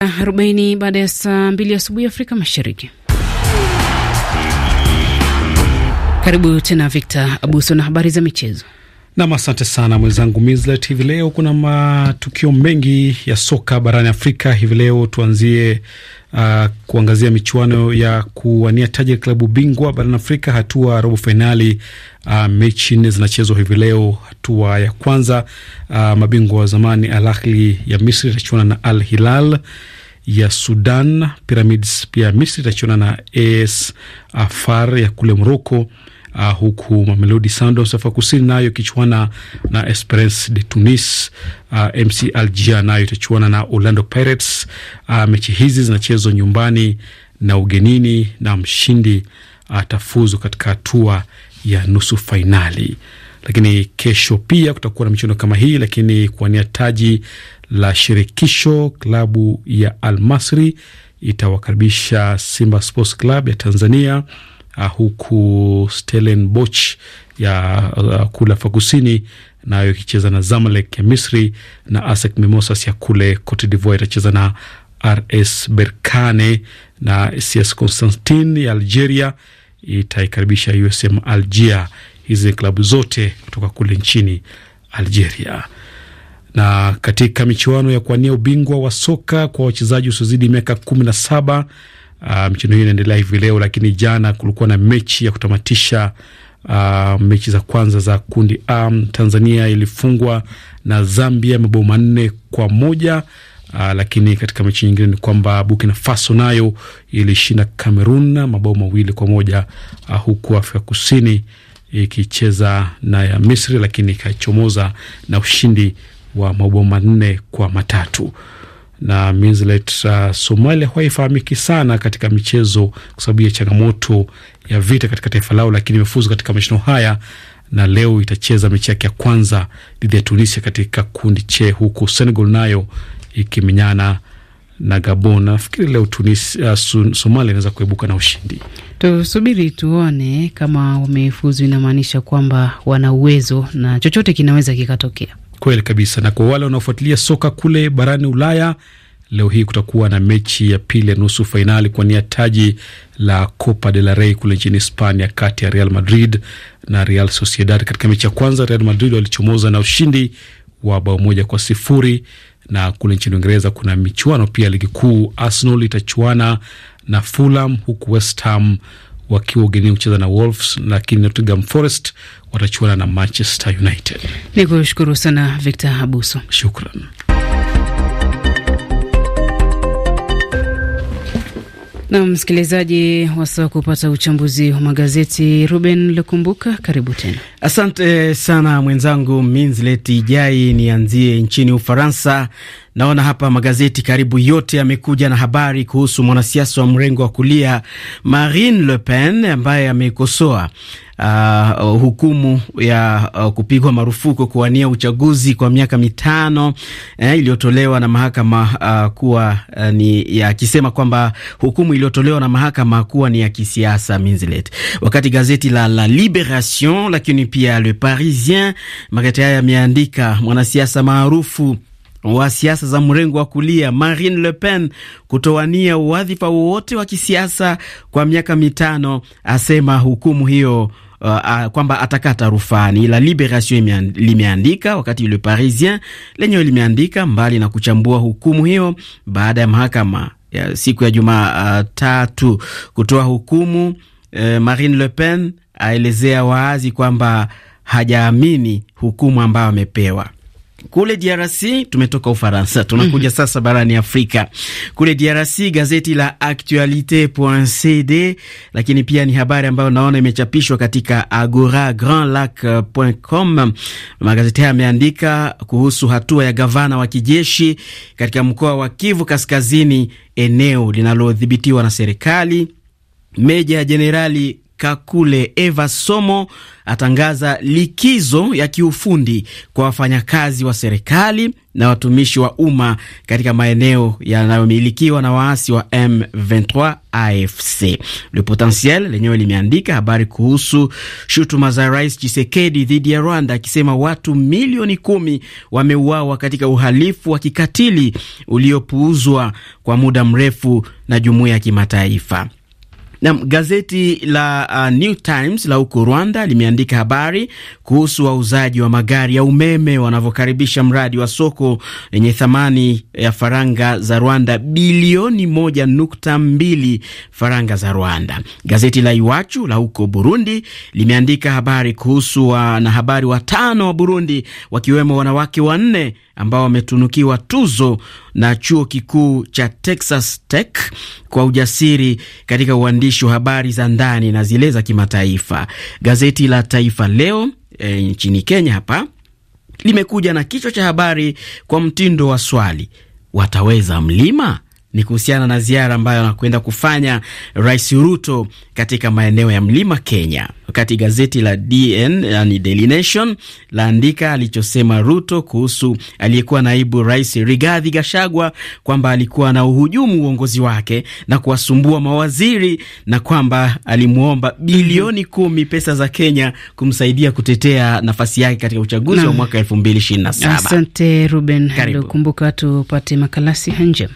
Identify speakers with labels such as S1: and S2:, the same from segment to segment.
S1: arobaini baada ya saa mbili asubuhi Afrika Mashariki. Karibu tena Victor Abuso na habari za michezo. Nam, asante sana
S2: mwenzangu Mislet. Hivi leo kuna matukio mengi ya soka barani Afrika. Hivi leo tuanzie uh, kuangazia michuano ya kuwania taji ya klabu bingwa barani Afrika, hatua robo fainali. Uh, mechi nne zinachezwa hivi leo. Hatua ya kwanza, uh, mabingwa wa zamani Al Ahly ya Misri itachuana na Al Hilal ya Sudan. Pyramids pia Misri itachuana na AS Afar ya kule Moroko uh, huku Mamelodi Sundowns Afrika Kusini nayo ikichuana na Esperance de Tunis. Uh, ah, MC Alger nayo itachuana na Orlando Pirates. Uh, mechi hizi zinachezwa nyumbani na ugenini na mshindi atafuzu uh, katika hatua ya nusu fainali. Lakini kesho pia kutakuwa na michuano kama hii, lakini kuwania taji la shirikisho, klabu ya Almasri itawakaribisha Simba Sports Club ya Tanzania uh, huku Stellenbosch ya uh, kule Afrika Kusini nayo ikicheza na Zamalek ya Misri na ASEC Mimosas ya kule Cote d'Ivoire itacheza na RS Berkane na CS Constantine ya Algeria itaikaribisha USM algia Hizi ni klabu zote kutoka kule nchini Algeria. Na katika michuano ya kuwania ubingwa wa soka kwa wachezaji usiozidi miaka kumi na saba Uh, ah, michuano hiyo inaendelea hivi leo, lakini jana kulikuwa na mechi ya kutamatisha uh, mechi za kwanza za kundi A. Um, Tanzania ilifungwa na Zambia mabao manne kwa moja. Uh, lakini katika mechi nyingine ni kwamba Burkina Faso nayo ilishinda Cameroon mabao mawili kwa moja, uh, huku Afrika Kusini ikicheza na ya Misri lakini ikachomoza na ushindi wa mabao manne kwa matatu na Minslet uh, Somalia huwa haifahamiki sana katika michezo kwa sababu ya changamoto ya vita katika taifa lao, lakini imefuzu katika mashindano haya na leo itacheza mechi yake ya kwanza dhidi ya Tunisia katika kundi che, huku Senegal nayo ikimenyana na Gabon. Nafikiri leo Tunis, uh, Somalia inaweza kuibuka na ushindi.
S1: Tusubiri tuone, kama wamefuzu inamaanisha kwamba wana uwezo na chochote kinaweza kikatokea.
S2: Kweli kabisa. Na kwa wale wanaofuatilia soka kule barani Ulaya, leo hii kutakuwa na mechi ya pili ya nusu fainali nia taji la Copa del Rey kule nchini Hispania, kati ya Real Madrid na Real Sociedad. Katika mechi ya kwanza, Real Madrid walichomoza na ushindi wa bao moja kwa sifuri na kule nchini Uingereza kuna michuano pia ligi kuu. Arsenal itachuana na Fulham huku West Ham wakiwa ugenini kucheza na Wolves, lakini Nottingham Forest watachuana na Manchester United.
S1: Ni kushukuru sana Victor Abuso, shukran. Na msikilizaji wasaa kupata uchambuzi wa magazeti Ruben Lukumbuka, karibu tena. Asante sana mwenzangu Minzlet
S3: Ijai. Nianzie nchini Ufaransa. Naona hapa magazeti karibu yote yamekuja na habari kuhusu mwanasiasa wa mrengo wa kulia Marine Le Pen ambaye amekosoa uh, hukumu ya uh, kupigwa marufuku kuwania uchaguzi kwa miaka mitano eh, iliyotolewa na mahakama uh, kuwa uh, ni ya yakisema kwamba hukumu iliyotolewa na mahakama kuwa ni ya kisiasa minzilet. Wakati gazeti la La Liberation lakini pia Le Parisien magazeti haya yameandika mwanasiasa maarufu wa siasa za mrengo wa kulia Marine Le Pen kutowania wadhifa wowote wa kisiasa kwa miaka mitano, asema hukumu hiyo uh, kwamba atakata rufani, ila Liberation limeandika, wakati Le Parisien lenyewe limeandika mbali na kuchambua hukumu hiyo baada ya mahakama ya siku ya juma uh, tatu kutoa hukumu uh, Marine Le Pen aelezea wazi kwamba hajaamini hukumu ambayo amepewa. Kule DRC tumetoka Ufaransa, tunakuja mhm. sasa barani Afrika. Kule DRC gazeti la actualite.cd, lakini pia ni habari ambayo naona imechapishwa katika agora grand grandlac.com. Magazeti haya yameandika kuhusu hatua ya gavana wa kijeshi katika mkoa wa Kivu Kaskazini, eneo linalodhibitiwa na serikali. Meja ya Jenerali Kakule Eva Somo atangaza likizo ya kiufundi kwa wafanyakazi wa serikali na watumishi wa umma katika maeneo yanayomilikiwa na waasi wa M23 AFC. Le Potentiel lenyewe limeandika habari kuhusu shutuma za Rais chisekedi dhidi ya Rwanda, akisema watu milioni kumi wameuawa katika uhalifu wa kikatili uliopuuzwa kwa muda mrefu na jumuiya ya kimataifa. Na gazeti la uh, New Times la huko Rwanda limeandika habari kuhusu wauzaji wa magari ya umeme wanavyokaribisha mradi wa soko lenye thamani ya faranga za Rwanda bilioni moja nukta mbili faranga za Rwanda. Gazeti la Iwachu la huko Burundi limeandika habari kuhusu wanahabari watano wa Burundi wakiwemo wanawake wanne ambao wametunukiwa tuzo na chuo kikuu cha Texas Tech kwa ujasiri katika uandishi wa habari za ndani na zile za kimataifa. Gazeti la Taifa Leo e, nchini Kenya hapa limekuja na kichwa cha habari kwa mtindo wa swali, wataweza mlima? ni kuhusiana na ziara ambayo anakwenda kufanya Rais Ruto katika maeneo ya mlima Kenya, wakati gazeti la DN, yani Daily Nation, laandika alichosema Ruto kuhusu aliyekuwa naibu rais Rigathi Gachagua kwamba alikuwa na uhujumu uongozi wake na kuwasumbua mawaziri na kwamba alimwomba bilioni mhm. kumi pesa za Kenya kumsaidia kutetea nafasi yake katika uchaguzi na wa mwaka 2027.
S1: Asante Ruben, kumbuka njema.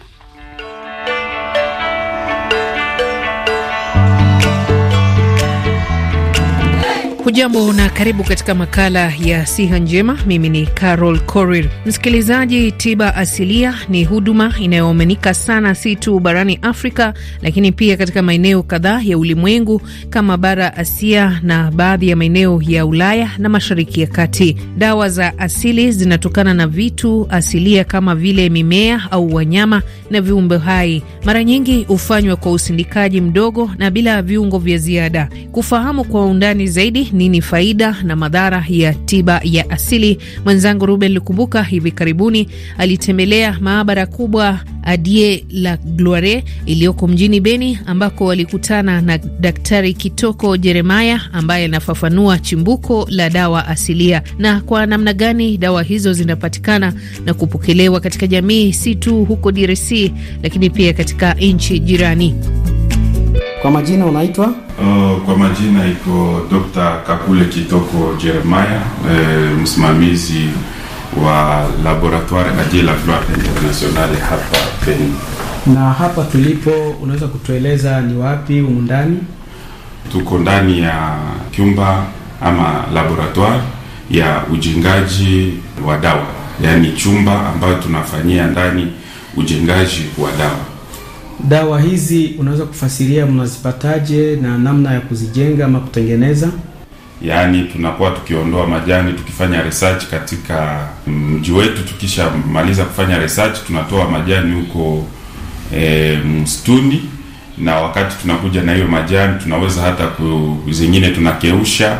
S4: Hujambo na karibu katika makala ya siha njema. Mimi ni Carol Korir. Msikilizaji, tiba asilia ni huduma inayoaminika sana, si tu barani Afrika lakini pia katika maeneo kadhaa ya ulimwengu kama bara Asia na baadhi ya maeneo ya Ulaya na mashariki ya kati. Dawa za asili zinatokana na vitu asilia kama vile mimea au wanyama na viumbe hai. Mara nyingi hufanywa kwa usindikaji mdogo na bila viungo vya ziada. Kufahamu kwa undani zaidi nini faida na madhara ya tiba ya asili. Mwenzangu Ruben Lukumbuka hivi karibuni alitembelea maabara kubwa Adie la Gloire iliyoko mjini Beni, ambako walikutana na Daktari Kitoko Jeremaya ambaye anafafanua chimbuko la dawa asilia na kwa namna gani dawa hizo zinapatikana na kupokelewa katika jamii, si tu huko DRC lakini pia katika nchi jirani.
S5: Kwa majina unaitwa? Uh, kwa majina iko Dr. Kakule Kitoko Jeremiah, eh, msimamizi wa laboratoire la Lafleur Internationale hapa Beni.
S3: Na hapa tulipo, unaweza kutueleza ni wapi humu ndani?
S5: Tuko ndani ya chumba ama laboratoire ya ujengaji wa dawa, yaani chumba ambayo tunafanyia ndani ujengaji wa dawa
S3: Dawa hizi unaweza kufasiria mnazipataje na namna ya kuzijenga ama kutengeneza?
S5: Yaani, tunakuwa tukiondoa majani, tukifanya research katika mji wetu. Tukishamaliza kufanya research, tunatoa majani huko e, msituni, na wakati tunakuja na hiyo majani, tunaweza hata zingine tunakeusha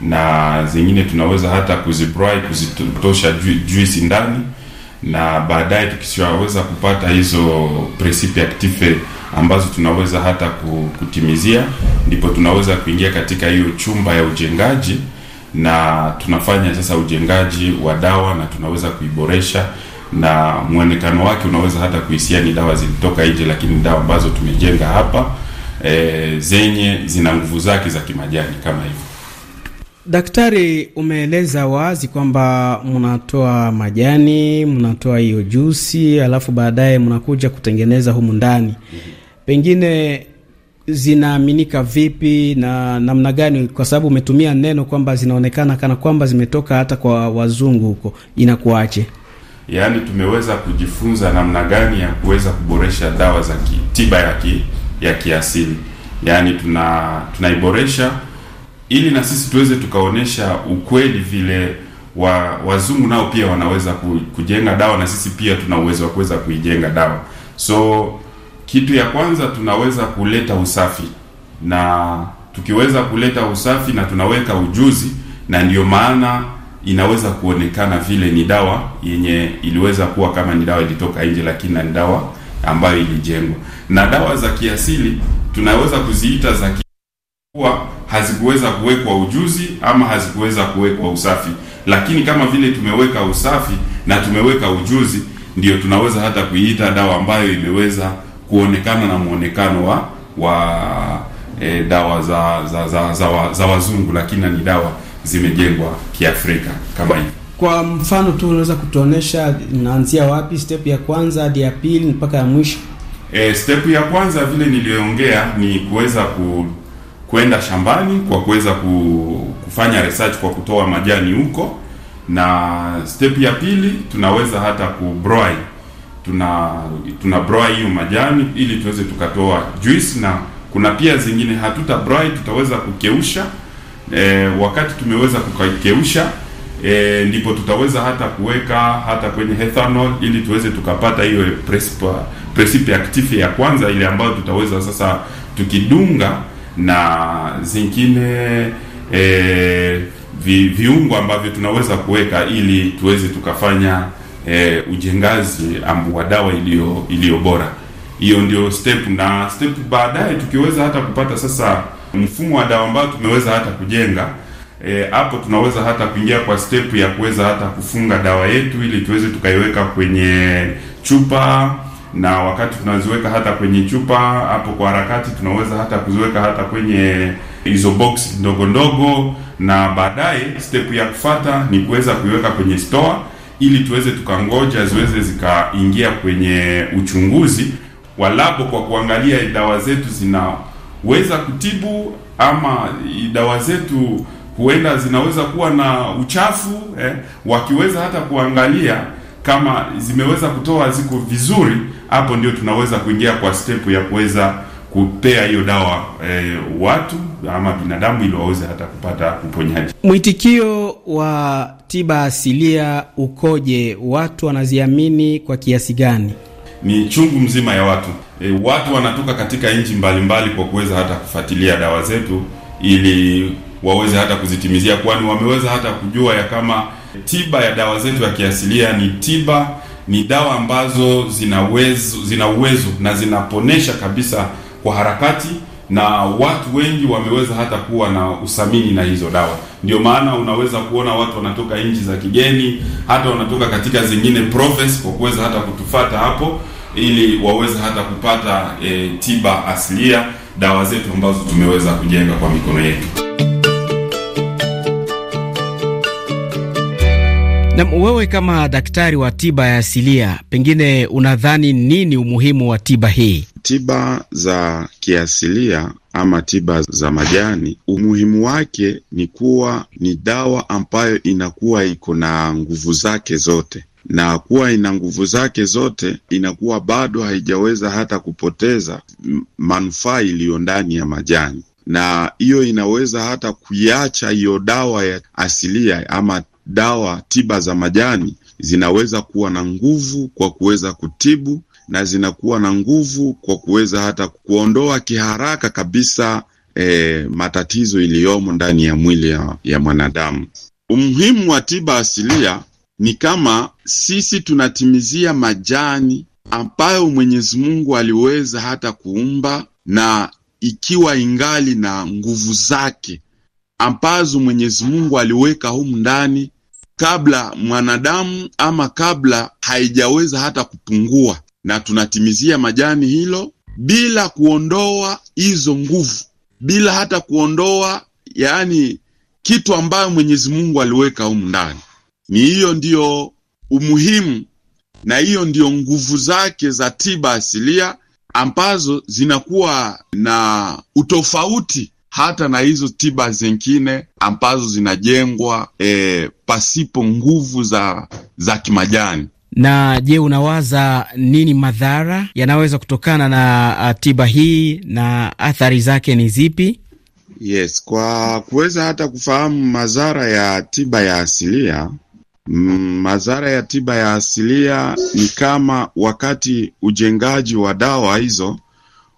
S5: na zingine tunaweza hata kuzibrai kuzitosha juisi ndani na baadaye tukisiwaweza kupata hizo principe active ambazo tunaweza hata kutimizia, ndipo tunaweza kuingia katika hiyo chumba ya ujengaji, na tunafanya sasa ujengaji wa dawa na tunaweza kuiboresha, na mwonekano wake unaweza hata kuhisia ni dawa zilitoka nje, lakini dawa ambazo tumejenga hapa e, zenye zina nguvu zake za kimajani kama hivyo.
S3: Daktari, umeeleza wazi kwamba mnatoa majani, mnatoa hiyo juisi, alafu baadaye mnakuja kutengeneza humu ndani. Pengine zinaaminika vipi na namna gani? Kwa sababu umetumia neno kwamba zinaonekana kana kwamba zimetoka hata kwa wazungu huko, inakuache
S5: Yaani tumeweza kujifunza namna gani ya kuweza kuboresha dawa za tiba ya ki, ya kiasili, yaani tuna tunaiboresha ili na sisi tuweze tukaonesha ukweli vile wa wazungu nao pia wanaweza kujenga dawa na sisi pia tuna uwezo wa kuweza kuijenga dawa. So kitu ya kwanza tunaweza kuleta usafi, na tukiweza kuleta usafi na tunaweka ujuzi, na ndiyo maana inaweza kuonekana vile ni dawa yenye iliweza kuwa kama ni dawa ilitoka nje, lakini ni dawa ambayo ilijengwa na dawa za kiasili tunaweza kuziita za kuwa hazikuweza kuwekwa ujuzi ama hazikuweza kuwekwa usafi, lakini kama vile tumeweka usafi na tumeweka ujuzi, ndio tunaweza hata kuiita dawa ambayo imeweza kuonekana na mwonekano wa wa e, dawa za za, za, za, wa, za wazungu, lakini ni dawa zimejengwa Kiafrika kama hivi. Kwa mfano
S3: tu, unaweza kutuonesha inaanzia wapi, step ya kwanza hadi ya pili mpaka ya mwisho?
S5: E, step ya kwanza vile niliyoongea ni kuweza ku kwenda shambani kwa kuweza kufanya research kwa kutoa majani huko, na step ya pili tunaweza hata kubroil tuna tuna broil hiyo majani ili tuweze tukatoa juice, na kuna pia zingine hatuta broil, tutaweza kukeusha. E, wakati tumeweza kukeusha e, ndipo tutaweza hata kuweka hata kwenye ethanol ili tuweze tukapata hiyo precipe active ya kwanza ile ambayo tutaweza sasa tukidunga na zingine e, vi, viungo ambavyo tunaweza kuweka ili tuweze tukafanya e, ujengazi wa dawa iliyo iliyo bora. Hiyo ndio step na step. Baadaye tukiweza hata kupata sasa mfumo wa dawa ambao tumeweza hata kujenga e, hapo e, tunaweza hata kuingia kwa step ya kuweza hata kufunga dawa yetu ili tuweze tukaiweka kwenye chupa na wakati tunaziweka hata kwenye chupa hapo kwa harakati, tunaweza hata kuziweka hata kwenye hizo box ndogo ndogo, na baadaye step ya kufata ni kuweza kuiweka kwenye store ili tuweze tukangoja ziweze zikaingia kwenye uchunguzi wa labo kwa kuangalia dawa zetu zinaweza kutibu ama dawa zetu huenda zinaweza kuwa na uchafu eh, wakiweza hata kuangalia kama zimeweza kutoa ziko vizuri hapo ndio tunaweza kuingia kwa step ya kuweza kupea hiyo dawa e, watu ama binadamu ili waweze hata kupata uponyaji.
S3: Mwitikio wa tiba asilia ukoje? Watu wanaziamini kwa kiasi gani?
S5: Ni chungu mzima ya watu e, watu wanatoka katika nchi mbalimbali kwa kuweza hata kufuatilia dawa zetu ili waweze hata kuzitimizia, kwani wameweza hata kujua ya kama tiba ya dawa zetu ya kiasilia ni tiba ni dawa ambazo zina uwezo zina uwezo na zinaponesha kabisa kwa harakati, na watu wengi wameweza hata kuwa na usamini na hizo dawa. Ndio maana unaweza kuona watu wanatoka nchi za kigeni, hata wanatoka katika zingine province kwa kuweza hata kutufata hapo ili waweze hata kupata e, tiba asilia, dawa zetu ambazo tumeweza kujenga kwa mikono yetu.
S3: Na wewe kama daktari wa tiba ya asilia, pengine unadhani nini umuhimu wa tiba
S5: hii? Tiba za kiasilia ama tiba za majani, umuhimu wake ni kuwa ni dawa ambayo inakuwa iko na nguvu zake zote na kuwa ina nguvu zake zote, inakuwa bado haijaweza hata kupoteza manufaa iliyo ndani ya majani, na hiyo inaweza hata kuiacha hiyo dawa ya asilia ama dawa tiba za majani zinaweza kuwa na nguvu kwa kuweza kutibu na zinakuwa na nguvu kwa kuweza hata kuondoa kiharaka kabisa e, matatizo iliyomo ndani ya mwili ya, ya mwanadamu. Umuhimu wa tiba asilia ni kama sisi tunatimizia majani ambayo Mwenyezi Mungu aliweza hata kuumba na ikiwa ingali na nguvu zake ambazo Mwenyezi Mungu aliweka humu ndani kabla mwanadamu ama kabla haijaweza hata kupungua, na tunatimizia majani hilo bila kuondoa hizo nguvu, bila hata kuondoa yaani kitu ambayo Mwenyezi Mungu aliweka humu ndani. Ni hiyo ndiyo umuhimu na hiyo ndiyo nguvu zake za tiba asilia ambazo zinakuwa na utofauti hata na hizo tiba zingine ambazo zinajengwa e, pasipo nguvu za, za kimajani.
S3: Na je, unawaza nini madhara yanaweza kutokana na tiba hii na athari zake ni zipi?
S5: Yes, kwa kuweza hata kufahamu madhara ya tiba ya asilia mm, madhara ya tiba ya asilia ni kama wakati ujengaji wa dawa hizo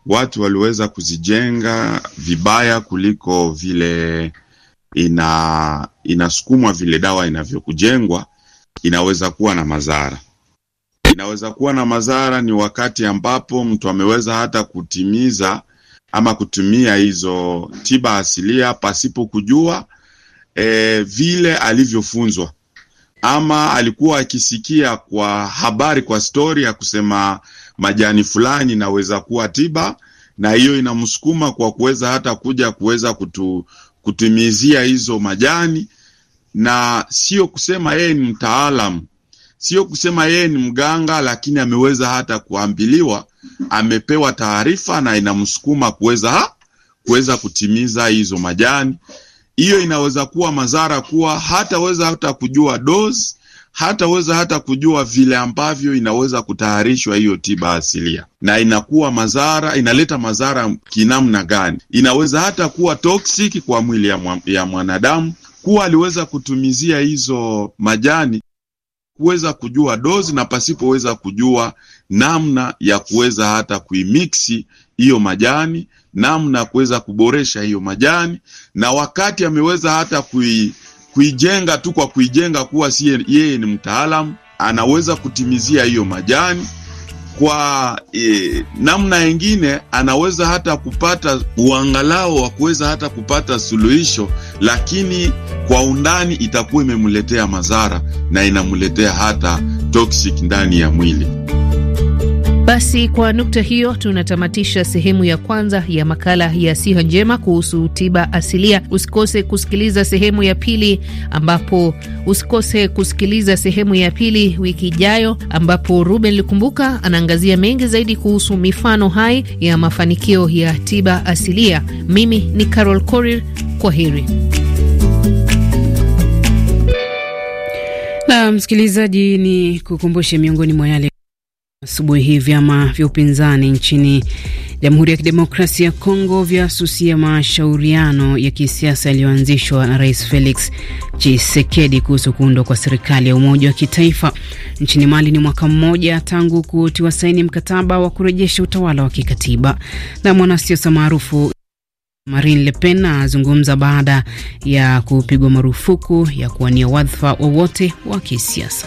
S5: watu waliweza kuzijenga vibaya kuliko vile ina inasukumwa vile dawa inavyokujengwa, inaweza kuwa na madhara. Inaweza kuwa na madhara ni wakati ambapo mtu ameweza hata kutimiza ama kutumia hizo tiba asilia pasipo kujua e, vile alivyofunzwa ama alikuwa akisikia kwa habari, kwa stori ya kusema majani fulani inaweza kuwa tiba, na hiyo inamsukuma kwa kuweza hata kuja kuweza kutu, kutimizia hizo majani, na sio kusema yeye ni mtaalamu, sio kusema yeye ni mganga, lakini ameweza hata kuambiliwa, amepewa taarifa na inamsukuma kuweza kuweza kutimiza hizo majani. Hiyo inaweza kuwa madhara kuwa hataweza hata kujua dozi hataweza hata kujua vile ambavyo inaweza kutayarishwa hiyo tiba asilia, na inakuwa madhara, inaleta madhara kinamna gani. Inaweza hata kuwa toksiki kwa mwili ya mwanadamu. Kuwa aliweza kutumizia hizo majani kuweza kujua dozi na pasipoweza kujua namna ya kuweza hata kuimiksi hiyo majani, namna ya kuweza kuboresha hiyo majani, na wakati ameweza hata kui kuijenga tu kwa kuijenga kuwa si yeye ni mtaalamu, anaweza kutimizia hiyo majani kwa e, namna nyingine anaweza hata kupata uangalao wa kuweza hata kupata suluhisho, lakini kwa undani itakuwa imemletea madhara na inamletea hata toxic ndani ya mwili.
S4: Basi kwa nukta hiyo tunatamatisha sehemu ya kwanza ya makala ya siha njema kuhusu tiba asilia. Usikose kusikiliza sehemu ya pili ambapo usikose kusikiliza sehemu ya pili wiki ijayo, ambapo Ruben Likumbuka anaangazia mengi zaidi kuhusu mifano hai ya mafanikio ya tiba asilia. Mimi ni Carol Korir, kwa heri.
S1: Na msikilizaji, ni kukumbushe miongoni mwa yale Asubuhi hii vyama vya upinzani nchini Jamhuri ya Kidemokrasia ya Kongo vyasusia mashauriano ya kisiasa yaliyoanzishwa na Rais Felix Tshisekedi kuhusu kuundwa kwa serikali ya umoja wa kitaifa. Nchini Mali ni mwaka mmoja tangu kutiwa saini mkataba wa kurejesha utawala wa kikatiba. Na mwanasiasa maarufu Marine Le Pen azungumza baada ya kupigwa marufuku ya kuwania wadhifa wowote wa kisiasa.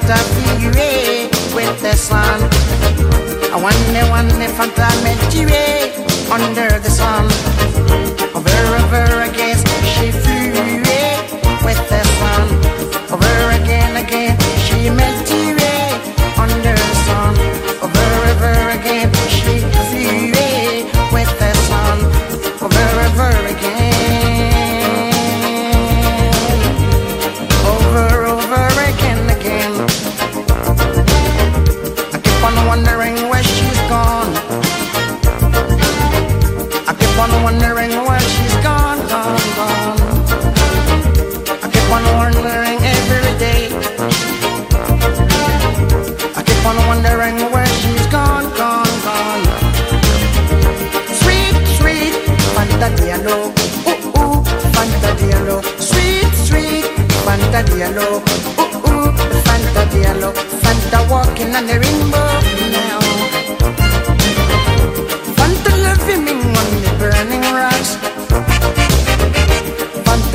S6: Fanta figure eh, with eh, eh, the sun. I wonder, wonder, Fanta Medjire under the sun. Over, over,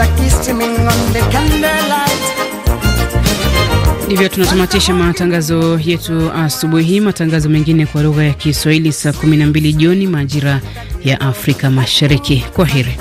S6: kiss
S1: Ndivyo tunatamatisha matangazo yetu asubuhi hii. Matangazo mengine kwa lugha ya Kiswahili saa 12 jioni majira ya Afrika Mashariki. Kwa heri.